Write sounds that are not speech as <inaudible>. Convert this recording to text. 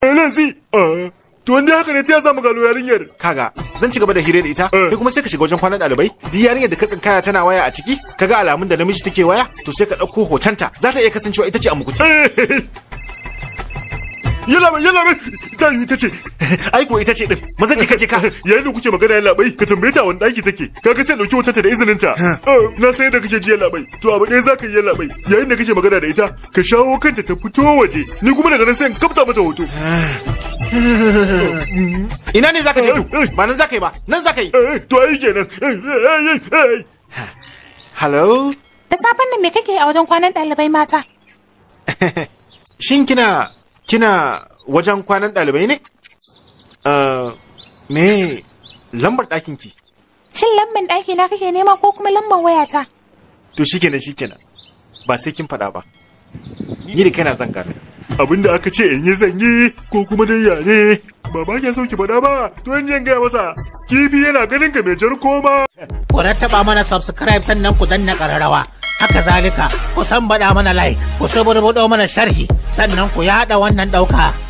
Eh, nan eh, to wanda haka ne ta za mu gano yarinyar kaga zan ci gaba da hira da ita eh. ni kuma sai ka shiga wajen kwanan ɗalibai duk yarinyar da ka tsinkaya tana waya a ciki kaga alamun da namiji take waya to sai ka ɗauko hotonta za ta iya kasancewa ita ce a mukuti <laughs> Yalaba yalaba yalla ta yi ta ce ai ko ita ce din maza je ka ka yayin da kuke magana yalla ka tambaye ta wani daki take kaga sai dauki wata ta da izinin ta oh, na sai da kake ji yalla to abu ɗaya zaka yi yalaba. yayin da kake magana da ita ka shawo kanta ta fito waje ni kuma daga nan sai in kafta mata hoto ina ne zaka je tu? Eh, eh. ba nan zaka yi ba nan zaka yi eh, to ai kenan hello da safan nan me kake a wajen kwanan dalibai mata <laughs> shin kina kina wajen kwanan ɗalibai ne? Ah, me lambar ɗakin ki? Shin lambar ɗaki na kake nema ko kuma lambar wayata? To shikenan shikenan ba sai kin faɗa ba. Ni da kaina zan gano. Abin da aka ce in yi zan yi ko kuma dai ya ne. Ba ba ke so ki faɗa ba to in gaya masa kifi yana ganin ka mai jar koma. Ku rattaba mana subscribe sannan ku danna ƙararrawa. haka zalika ku san baɗa mana like ku saburbuɗo mana sharhi sannan ku yada wannan ɗauka